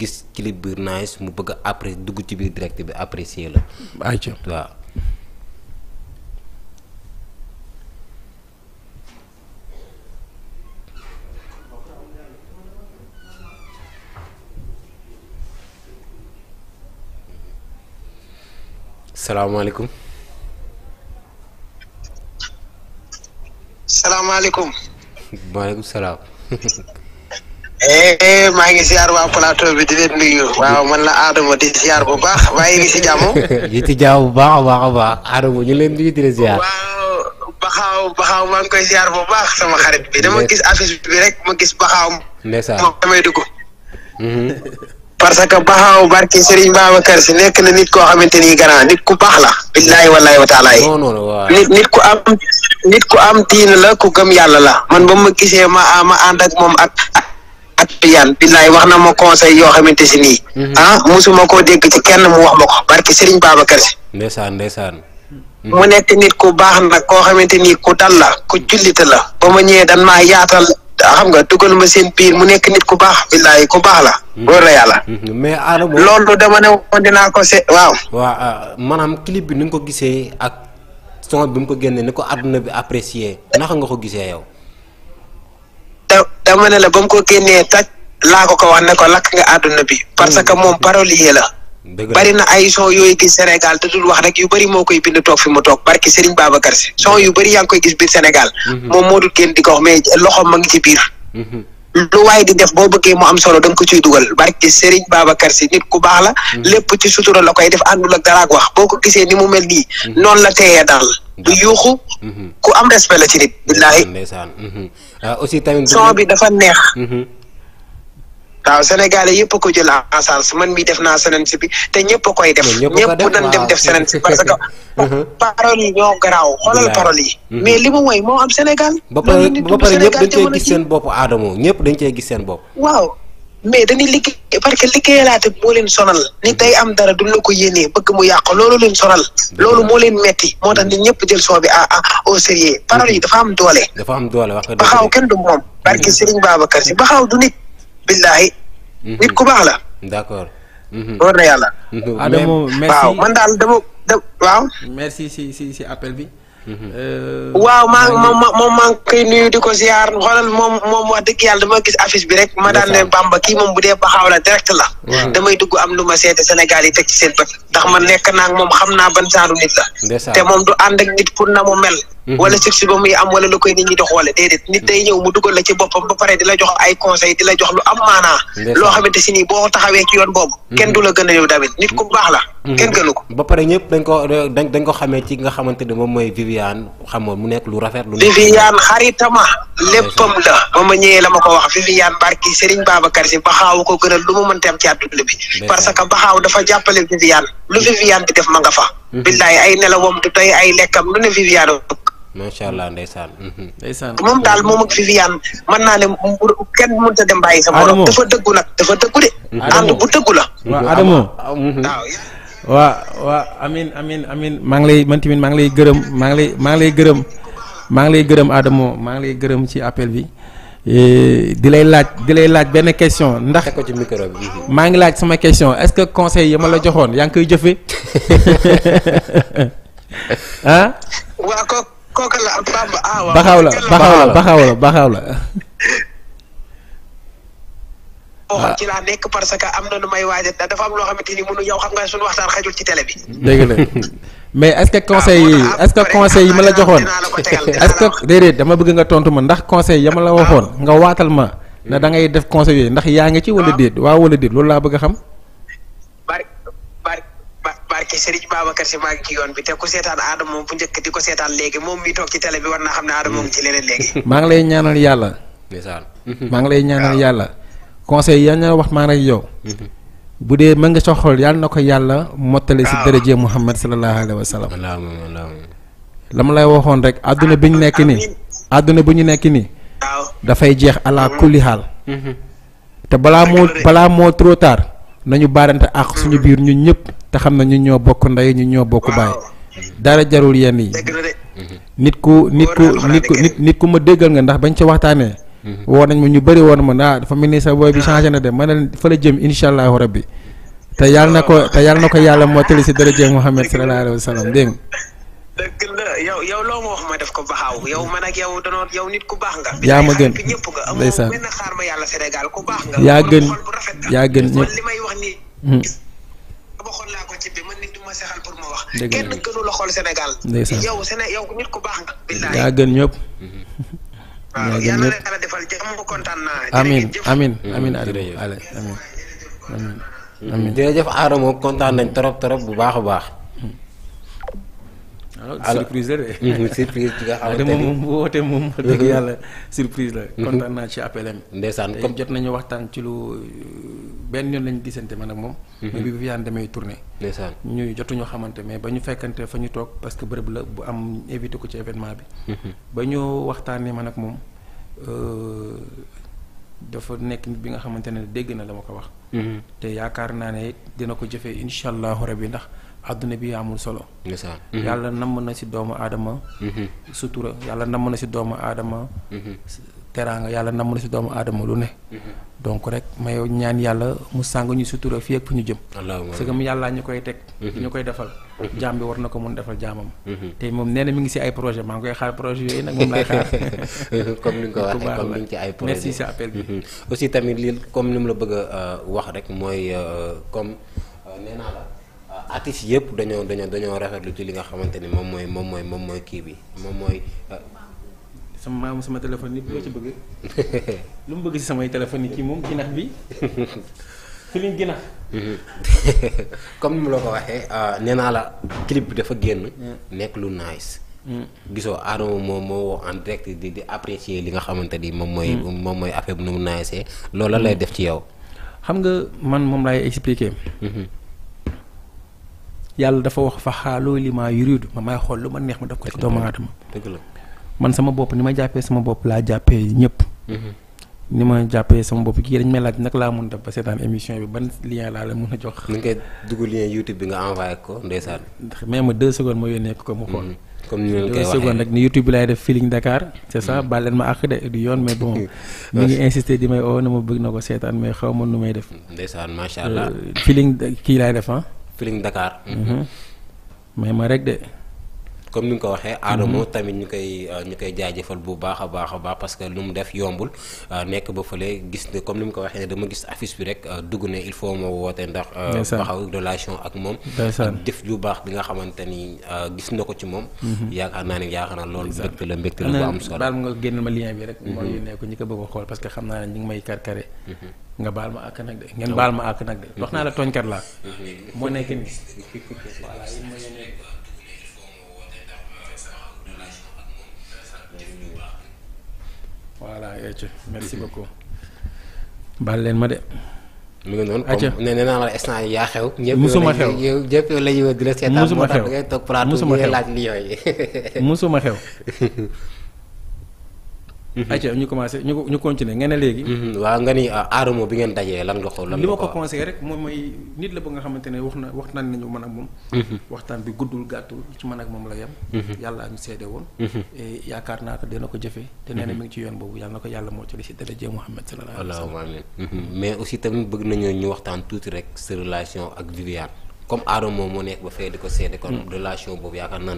gis clip bi nice mu bëgg après dugg ci biir direct bi apprécier la. ayca waaw. salaamaaleykum. eh maa ngi ziar waa plateau bi di leen waaw man la Adama di ziar bu baax waaye ngi si jàmm. bu baax a baax a baax Adama ñu leen nuyu di la ziar. baxaaw baxaaw maa ngi koy ziar bu baax sama xarit bi dama gis affiche bi rek ma gis baxaaw ndeysaan moom damay dugg mm-hmm. parce que baxaaw barke Serigne Babacar si nekk na nit koo xamante ni garant nit ku baax la billaahi wallaahi wa taala yi nit nit ku am nit ku la ku gëm yàlla la man ba ma gisee ma ma ànd ak moom ak ak yan billaay wax na ma conseil yoo xamante si nii mhm. ah mosuma koo dégg ci kenn mu wax ma ko barki Serigne Babacar Si ndeysaan ndeysaan mhm. mu nekk nit ku baax nag koo xamante nii ku dal la ku jullite la ba ma ñëwee dan maa yaatal xam nga dugal ma seen biir mu nekk nit ku baax billaay ku baax la wóor mhm. la yàlla mais Adamo loolu dama ne woon dinaa ko se waaw waaw ah, maanaam clip bi nu mu ko gisee ak son bi mu ko génnee ni ko àdduna bi apprécié naka nga ko gisee yow dama ne la ba mu ko génnee taj laa ko ko wax ne ko lakk nga àdduna bi parce que moom parolier la bari na ay son yooyu gis Sénégal te dul wax rek yu bëri moo koy bind toog fi mu toog barki Serigne Babacar Si son yu bëri yaa ngi koy gis biir Sénégal mhm. moom moo dul génn di ko wax mais ma ngi ci biir mhm. lu waay di def boo bëggee mu am solo da ko ciy dugal barke Serigne Babacar si nit ku baax la. Mm. lépp ci sutura la koy def àndul ak dara ak wax boo ko gisee ni mu mel nii. Mm-hmm. noonu la teeyee daal. du yuuxu. Mm-hmm. ku am respect la ci nit. billaahi. Mm-hmm. Ah, aussi bi dafa neex. waaw Sénégalais yëpp ko jël en charge man mi def naa senensi bi te ñëpp a koy def ñëpp nañ dem def senensi parce que paroles mhm. yi ñoo garaaw xoolal paroles yi mhm. mais li mu mooy moo am Sénégal ba pare ba pare ñëpp dañ cee gis seen ñëpp dañ cee gis seen bopp waaw mais dañuy liggéey parce que liggéeyalaate moo leen sonal nit day am dara duñ la ko yéenee bëgg mu yàq loolu leen sonal loolu moo leen metti moo tax nit ñëpp jël soo bi a au sérieux mhm. am doole dafa am doole wax baxaaw kenn du moom barke Serigne Babacar si baxaaw du nit billahi Mhm. nit ku baax la. d'accord. war mhm. na yàlla. Adamo merci man daal dama da waaw. merci si si si bi. Euh, waaw maa ngi moom moom maa ngi koy nuyu di ko ziar moom moom wax dëgg yàlla dama gis affice bi rek ma daan ne Bamba kii moom bu dee baxaaw la direct la. damay dugg am lu ma seete Sénégal yi teg ci seen bët ndax ma nekk naa moom xam naa ban saaru nit la. te moom du ànd ak nit pour na mu mel. Mhm. wala succès ba muy am wala lu koy nit ñi di xoole déedéet nit day ñëw mu dugal la ci boppam ba pare di la jox ay conseil di la jox lu am maanaa. loo xamante si nii boo taxawee ci yoon boobu. kenn du la gën a yow tamit nit ku baax la. kenn mm-hmm. gënu ko. ba pare ñëpp dañ ko dañ dañ ko xamee ci nga xamante ne moom mooy Viviane xamoon mu nekk lu rafet. lu Viviane xaritama léppam la ba ma ñëwee la ko wax Viviane barki Serigne Babacar si baxaaw ko gënal am ci àdduna bi. parce que baxaaw dafa jàppale Viviane lu mm-hmm. Viviane di def ma nga fa. Mm-hmm. billaay ay nelawam du tey ay lekkam lu ne Viviane. macha allah ndeysaan. ndeysaan moom daal moom ak Viviane mën naa ne kenn mënut a dem bàyyi sa dafa dëggu nag dafa dëggu de. ànd bu dëggu la. waaw Adamo waa waa amin amin amin maa ngi lay man tamit maa ngi lay gërëm maa ngi lay maa ngi lay gërëm maa ngi lay gërëm Adamo maa ngi lay gërëm ci appel bi eh, di lay laaj di lay laaj benn question ndax ko ci maa ngi laaj sama question est-ce que conseil yi ma la joxoon yaa ngi koy jëfe ah. waa ah, baxaw la baxaw la baxaw la baxaw la. waxoon ci laa nekk parce am na a dafa am loo xamante ni mënu yow xam nga suñu waxtaan xajul ci télé bi. dëgg la mais est conseil yi est conseil yi ma la joxoon est-ce déedéet dama bëgg nga tontu ma ndax conseil ya ma la waxoon nga waatal ma ne da ngay def conseil yooyu ndax yaa ngi ci wala déet waa wala déet loolu laa bëgg a xam. barke Serigne Babacar si maa ngi ci yoon bi te ku seetaan aadama moom bu njëkk di ko seetaan léegi moom mi toog ci télé bi war naa xam ne aadama lay ñaanal yàlla. ndeysaan maa ngi lay ñaanal conseil yaa ngi wax maa rek yow. Mhm. bu dee mën nga sa xol yàlla na ko yàlla mottale si ah. dërëje Muhammad sallallahu alayhi wa sallam. la ma lay waxoon rek àdduna bi nekk nii. àdduna bi ñu nekk nii. dafay jeex ala mhm. kulli xaal. Mhm. te balaa moo balaa moo trop tard nañu baarante ak suñu biir ñu ñëpp te xam na ñu ñoo bokk ndey ñu ñoo bokk baay. dara jarul yenn yi. nit ku nit ku nit ku nit ku ma déggal nga ndax bañ ci waxtaanee. Mhm. woo nañ ma ñu bari woon ma naa ah, dafa mel ni sa booy bi ah. changé na de ma ne leen fa la jëm incha allahu rabbi te yàlla na ko te yàlla na ko yàlla moo si daraje Muhammad sallallahu alayhi wa sallam dégg dëgg yow yow loo ma wax ma def ko baxaaw yow man ak yow danoo yow nit nga. gën ñëpp nga amul benn xaar yàlla Sénégal ku yaa gën yaa gën ñëpp wax nii. ba hmm. xool ko ci bi man nit du ma seexal pour ma wax. kenn nit ku baax nga. yaa gën ñëpp. Mhm. waaw yàlla na yàlla defal jàmm kontaan naa. amiin amiin amiin amiin amiin jërëjëf Adama kontaan nañ trop bu baax a baax. Ah, alors surprise la de. surprise moom bu moom. dëgg yàlla surprise la. kontaan naa ci appel comme jot nañu waxtaan ci lu euh, benn yoon lañu gisante man ak moom. mais mhm. bi Viviane demee tournée. ndeysaan ñu jotuñu xamante mais ba ñu fekkante fa ñu toog parce que bërëb la bu am invité ko ci événement bi. Mhm. ba ñu waxtaanee man ak moom euh, dafa nekk nit bi nga xamante ne dégg na la ma ko wax. Mhm. te yaakaar naa ne dina ko jëfee incha allahu bi ndax. àdduna bi amul solo. Mm-hmm. yàlla namm na si doomu aadama. Mm-hmm. sutura yàlla namm na si doomu aadama. Mm-hmm. teraanga yàlla namm na si doomu aadama lu ne. donc rek may ñaan yàlla mu sàng ñu sutura fii ak fu ñu jëm. parce que mu yàllaa ñu koy teg. ñu koy defal. jaam bi war na ko mun defal jaamam. te moom nee na mi ngi si ay projet maa ngi koy xaar projet yooyu nag moom laay xaar. comme ni nga ko waxee comme ni ci ay projet si appel bi. aussi tamit li comme ni mu la bëgg euh, wax rek mooy euh, comme euh, nee naa artistes yëpp dañoo dañoo dañoo rafetlu ci li nga xamante ni moom mooy moom mooy moom mooy kii bi moom mooy. Euh, sama maamu sama téléphone yi loo ci bëgg. lu mu samay téléphone yi kii moom ginax bi filim ginax. comme ni mu la ko waxee euh, nee naa la clip bi dafa génn. Mm. nekk lu nice. Mm. gisoo Adama moom moo woo di di apprécier li nga xamante ni moom mooy. Mm. moom mooy affaire bi nu mu nice loolu la lay def ci yow. xam nga man moom laay expliquer. Mm-hmm. yàlla dafa wax fa xaaloo li maa yuridu ma may xool lu ma neex ma def ko ci doomu aadama dëgg la man sama bopp ni ma jàppee sama bopp laa jàppee ñëpp mm-hmm. ni ma jàppee sama bopp kii dañ may laaj nag laa mun def ba seetaan émission bi ban lien laa la mun a jox ni ngay dugg bi nga envoyé ko ndeysaan même deux ma yónnee ko mu xool mm-hmm. comme ni leen koy waxee seconde rek ni YouTube bi laay def feeling Dakar. c' est mm-hmm. leen ma àq yoon mais bon. mi ngi insister di may oo bëgg na ko seetaan mais xaw ma nu may def. ndeysaan macha allah euh, feeling kii laay def ah. Feeling Dakar. Mm-hmm. may ma rek de. comme ni nga ko waxee Adamo mhm. tamit ñu koy euh, ñu koy jaajëfal bu baax a baax a baax parce que lu mu def yombul euh, nekk ba fële gis ne comme ni mu ko waxee dama gis affiche bi rek euh, dugg ne il faut moo woote ndax baxaw ak moom ak def lu baax bi nga xamante ni gis na ko ci moom mhm. yaakaar naa ne yaakaar na loolu mbégte la mbégte la bu am solo baal bi rek mhm. moo yónnee ko ñi ko xool parce que xam naa ne ñu ngi ma àkk nag de ngeen baal ma àkk nag de wax naa la tooñkat laa moo nekk nii voilà merci beaucoup. baal leen ma de. mu ngi noonu comme nee naa la instant yi yaa xew. ñëpp musuma xew ñëpp la ñuy la seetaan. musuma xew moo tax ngay toog plateau. musuma xew laaj li yooyu. musuma xew. Mhm. ayca ñu commencé ñu ñu continuer nga ne léegi. Mhm. waaw nga ni Adamo ah, bi ngeen dajee lan nga xool lan li ma ko conseillé rek moom mooy nit la ba nga xamante ne na waxtaan nañu man ak moom. Mhm. waxtaan bi guddul gàttul ci man ak moom la yem. yàlla ñu seede woon. yaakaar naa ko dina ko jëfee. te nee ci yoon boobu yàlla ko yàlla moo ci li si daraja Muhammad sallallahu alayhi wa sallam. mais aussi tamit bëgg nañoo ñu waxtaan tuuti rek sa relation ak Viviane comme Adamo moo nekk ba